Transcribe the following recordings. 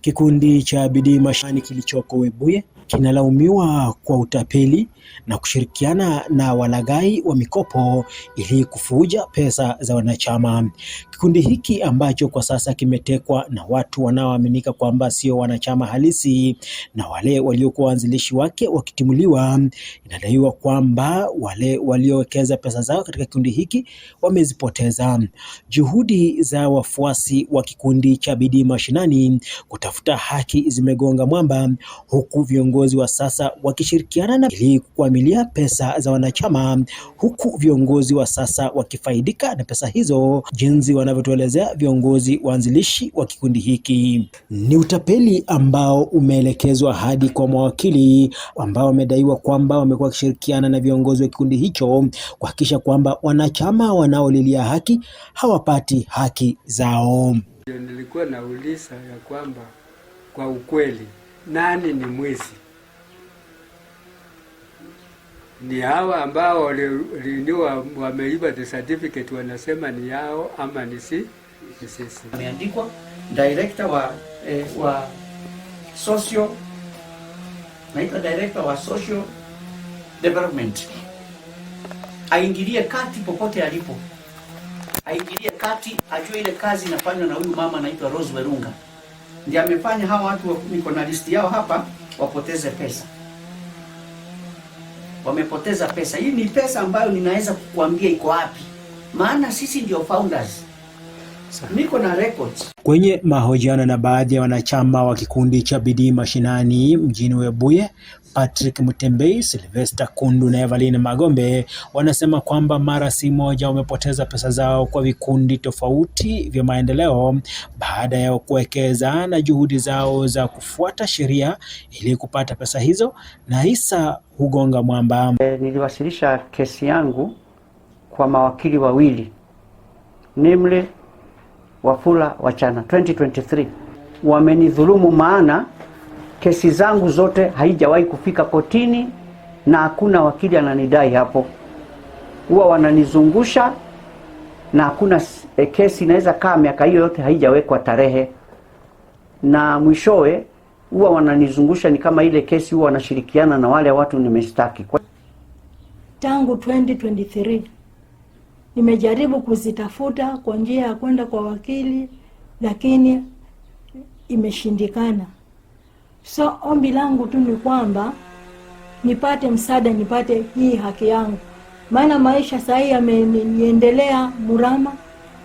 Kikundi cha Bidii Mashinani kilichoko Webuye kinalaumiwa kwa utapeli na kushirikiana na walaghai wa mikopo ili kufuja pesa za wanachama. Kikundi hiki ambacho kwa sasa kimetekwa na watu wanaoaminika kwamba sio wanachama halisi na wale waliokuwa waanzilishi wake wakitimuliwa, inadaiwa kwamba wale waliowekeza pesa zao katika kikundi hiki wamezipoteza. Juhudi za wafuasi wa kikundi cha Bidii Mashinani kutafuta haki zimegonga mwamba huku viongozi viongozi wa sasa wakishirikiana na ili kukwamilia pesa za wanachama, huku viongozi wa sasa wakifaidika na pesa hizo, jinsi wanavyotuelezea viongozi waanzilishi wa kikundi hiki. Ni utapeli ambao umeelekezwa hadi kwa mawakili ambao wamedaiwa kwamba wamekuwa wakishirikiana na viongozi wa kikundi hicho kuhakikisha kwamba wanachama wanaolilia haki hawapati haki zao. Nilikuwa nauliza ya kwamba kwa ukweli nani ni mwizi? ni hawa ambao waliniwa wameiba the certificate wanasema ni yao ama ni si ni sisi. Ameandikwa director wa eh, wa social naitwa director wa social development aingilie kati popote alipo, aingilie kati, ajue ile kazi inafanywa na huyu mama anaitwa Rose Werunga, ndiye amefanya hawa watu, niko na listi yao hapa, wapoteze pesa wamepoteza pesa. Hii ni pesa ambayo ninaweza kukuambia iko wapi, maana sisi ndio founders Niko na records. Kwenye mahojiano na baadhi ya wanachama wa kikundi cha Bidii Mashinani mjini Webuye, Patrick Mutembei, Sylvester Kundu na Evelyn Magombe wanasema kwamba mara si moja wamepoteza pesa zao kwa vikundi tofauti vya maendeleo baada ya kuwekeza na juhudi zao za kufuata sheria ili kupata pesa hizo na hisa hugonga mwamba. E, niliwasilisha kesi yangu kwa mawakili wawili. Namely Wafula Wachana 2023 wamenidhulumu, maana kesi zangu zote haijawahi kufika kotini na hakuna wakili ananidai hapo, huwa wananizungusha na hakuna e, kesi inaweza kaa miaka hiyo yote haijawekwa tarehe, na mwishowe huwa wananizungusha. Ni kama ile kesi huwa wanashirikiana na wale watu nimestaki tangu 2023 Nimejaribu kuzitafuta kwa njia ya kwenda kwa wakili, lakini imeshindikana. So ombi langu tu ni kwamba nipate msaada, nipate hii haki yangu, maana maisha sahii yameniendelea murama,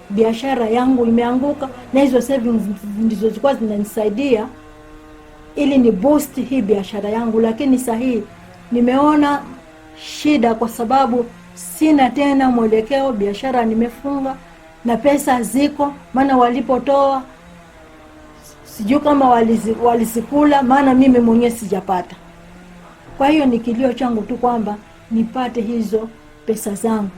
biashara yangu imeanguka, na hizo savings ndizo zilikuwa zinanisaidia ili ni boost hii biashara yangu, lakini sahii nimeona shida kwa sababu sina tena mwelekeo, biashara nimefunga na pesa ziko, maana walipotoa sijui kama walizikula, maana mimi mwenyewe sijapata. Kwa hiyo ni kilio changu tu kwamba nipate hizo pesa zangu,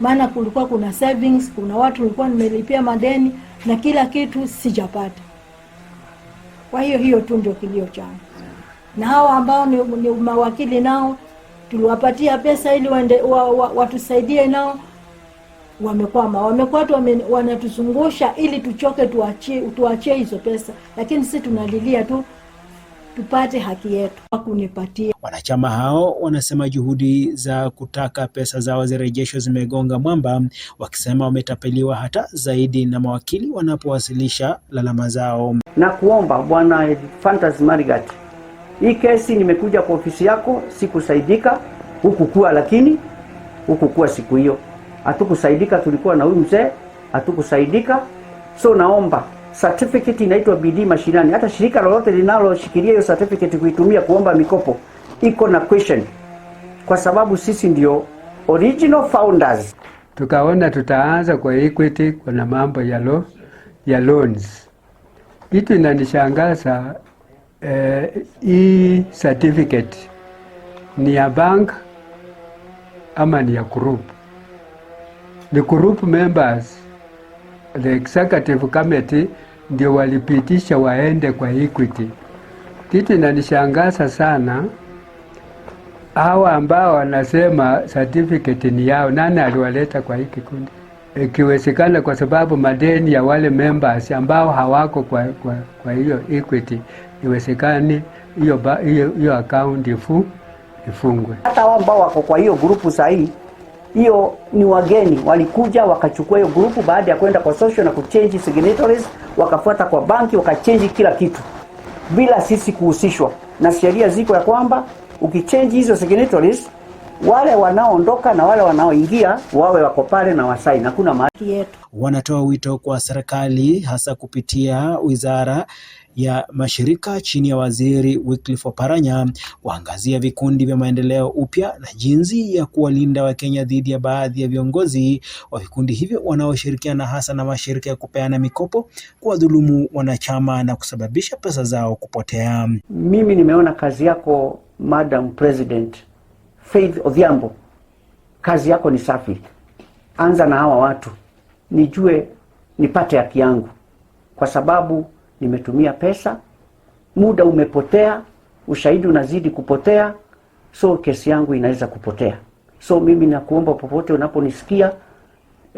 maana kulikuwa kuna savings, kuna watu nilikuwa nimelipia madeni na kila kitu sijapata. Kwa hiyo hiyo tu ndio kilio changu, na hawa ambao ni, ni mawakili nao tuliwapatia pesa ili wende, wa, wa, watusaidie nao wamekwama, wamekuwa tu wame, wanatuzungusha ili tuchoke, tuachie tuachie hizo pesa, lakini sisi tunalilia tu tupate haki yetu kunipatia. Wanachama hao wanasema juhudi za kutaka pesa zao zirejeshwe zimegonga mwamba, wakisema wametapeliwa hata zaidi na mawakili wanapowasilisha lalama zao na kuomba Bwana Fantasy Marigati hii kesi nimekuja kwa ofisi yako, sikusaidika, hukukuwa lakini hukukuwa siku hiyo, hatukusaidika, tulikuwa na huyu mzee, hatukusaidika. So naomba certificate inaitwa bidii mashinani. Hata shirika lolote linaloshikilia hiyo certificate kuitumia kuomba mikopo iko na question, kwa sababu sisi ndio original founders. Tukaona tutaanza kwa Equity, kuna mambo ya lo, ya loans. Kitu inanishangaza hii uh, eh, certificate ni ya bank ama ni ya group? Ni group members, the executive committee ndio walipitisha waende kwa Equity. Kitu inanishangaza sana hawa ambao wanasema certificate ni yao, nani aliwaleta kwa hii kikundi? ikiwezekana, kwa sababu madeni ya wale members ambao hawako kwa, kwa, kwa hiyo Equity iwezekani hiyo hiyo akaunti ifu, ifungwe. Hata wao ambao wako kwa hiyo grupu sahii hiyo ni wageni walikuja wakachukua hiyo grupu, baada ya kwenda kwa social na kuchange signatories, wakafuata kwa banki wakachange kila kitu bila sisi kuhusishwa, na sheria ziko ya kwamba ukichange hizo signatories wale wanaoondoka na wale wanaoingia wawe wako pale na wasaini, hakuna mahali yetu. Wanatoa wito kwa serikali hasa kupitia wizara ya mashirika chini ya waziri Wycliffe Oparanya waangazia vikundi vya maendeleo upya na jinsi ya kuwalinda Wakenya dhidi ya baadhi ya viongozi wa vikundi hivyo wanaoshirikiana hasa na mashirika ya kupeana mikopo kuwadhulumu wanachama na kusababisha pesa zao kupotea. Mimi nimeona kazi yako Madam President Faith Odhiambo, kazi yako ni safi, anza na hawa watu, nijue nipate haki yangu, kwa sababu nimetumia pesa, muda umepotea, ushahidi unazidi kupotea, so kesi yangu inaweza kupotea. So mimi nakuomba popote unaponisikia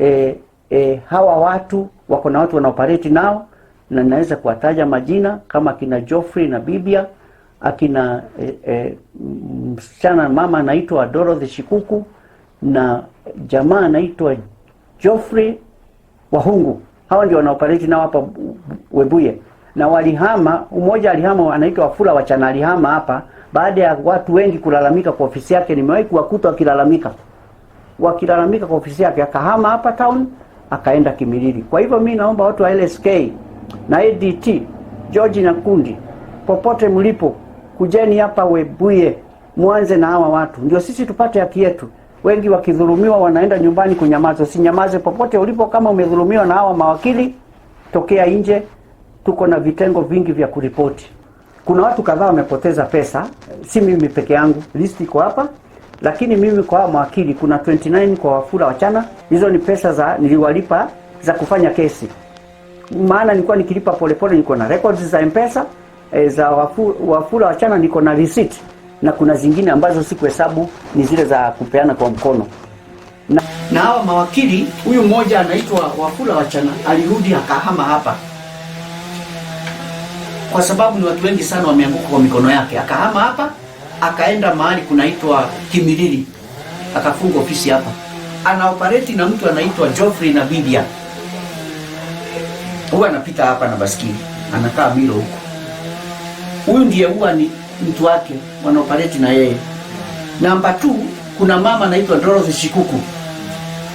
e, e, hawa watu wako na watu wanaopareti nao, na ninaweza kuwataja majina kama kina Geoffrey na Bibia akina e, e, msichana mama anaitwa Dorothy Shikuku na jamaa anaitwa Geoffrey Wahungu. Hawa ndio wanaopareti nao hapa Webuye, na walihama. Mmoja alihama anaitwa Wafula Wachana, alihama hapa baada ya watu wengi kulalamika kwa ofisi yake. Nimewahi kuwakuta wakilalamika wakilalamika kwa ofisi yake, akahama hapa town akaenda Kimilili. Kwa hivyo mi naomba watu wa LSK na ADT George Nakundi, popote mlipo kujeni hapa Webuye, mwanze na hawa watu, ndio sisi tupate haki yetu. Wengi wakidhulumiwa wanaenda nyumbani kunyamaza. Usinyamaze popote ulipo. Kama umedhulumiwa na hawa mawakili, tokea nje. Tuko na vitengo vingi vya kuripoti. Kuna watu kadhaa wamepoteza pesa, si mimi peke yangu, listi iko hapa lakini mimi kwa hawa mawakili kuna 29 kwa Wafula Wachana. Hizo ni pesa za niliwalipa za kufanya kesi, maana nilikuwa nikilipa polepole, niko na records za Mpesa e, za Wafula, Wafula Wachana niko na receipt na kuna zingine ambazo si kuhesabu, ni zile za kupeana kwa mkono na, na hawa mawakili, huyu mmoja anaitwa Wafula Wachana alirudi akahama hapa kwa sababu ni watu wengi sana wameanguka kwa mikono yake. Akahama hapa akaenda mahali kunaitwa Kimilili, akafunga ofisi hapa, anaoperate na mtu anaitwa Geoffrey na Bibia, huwa anapita hapa na basikili, anakaa milo huko Huyu ndiye huwa ni mtu wake wanaopareti na yeye. Namba tu kuna mama anaitwa Dorothy Shikuku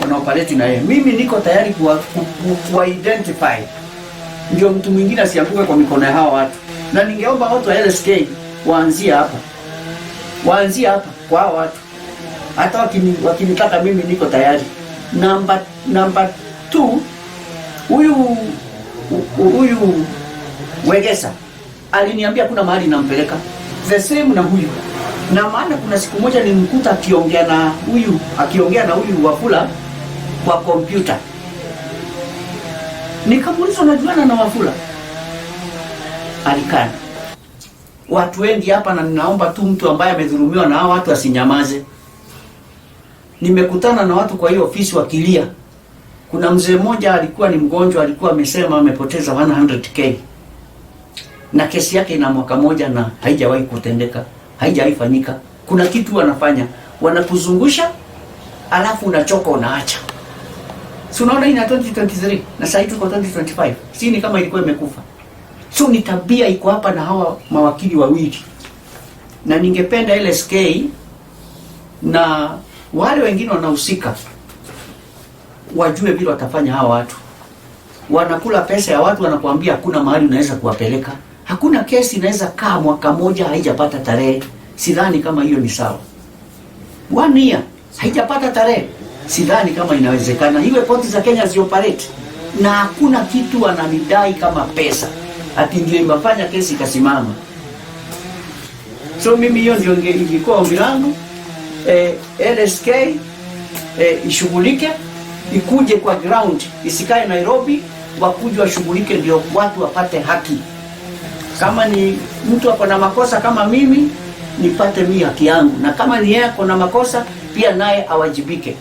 wanaopareti na yeye. Mimi niko tayari kuwa, ku, kuwa identify ndio mtu mwingine asianguke kwa mikono ya hawa watu, na ningeomba watu wa LSK waanzie hapa, waanzie hapa kwa hawa watu. Hata wakinitaka mimi niko tayari. Namba namba tu huyu huyu Wegesa aliniambia kuna mahali nampeleka the same na huyu na maana, kuna siku moja nilimkuta akiongea na huyu akiongea na huyu Wafula kwa kompyuta, nikamuuliza najuana na Wafula, alikana. Watu wengi hapa, na ninaomba tu mtu ambaye amedhulumiwa na hao watu asinyamaze. Nimekutana na watu kwa hiyo ofisi wakilia. Kuna mzee mmoja alikuwa ni mgonjwa, alikuwa amesema amepoteza 100k na kesi yake ina mwaka moja na haijawahi kutendeka, haijawahi fanyika. Kuna kitu wanafanya, wanakuzungusha alafu unachoka unaacha. Si unaona ina 2023 na sasa tuko 2025. Si ni kama ilikuwa imekufa. So ni tabia iko hapa na hawa mawakili wawili. Na ningependa LSK na wale wengine wanahusika wajue vile watafanya hawa watu. Wanakula pesa ya watu, wanakuambia hakuna mahali unaweza kuwapeleka. Hakuna kesi inaweza kaa mwaka moja haijapata tarehe, sidhani kama hiyo ni sawa. One year haijapata tarehe, sidhani kama inawezekana. iwe poti za Kenya zioperate na hakuna kitu ananidai kama pesa, ati ndio imefanya kesi ikasimama. So mimi hiyo ndio ingekuwa ombi langu eh, LSK eh, ishughulike, ikuje kwa ground, isikae Nairobi, wakuje washughulike, ndio watu wapate haki. Kama ni mtu ako na makosa kama mimi, nipate mimi haki yangu, na kama ni yeye ako na makosa pia naye awajibike.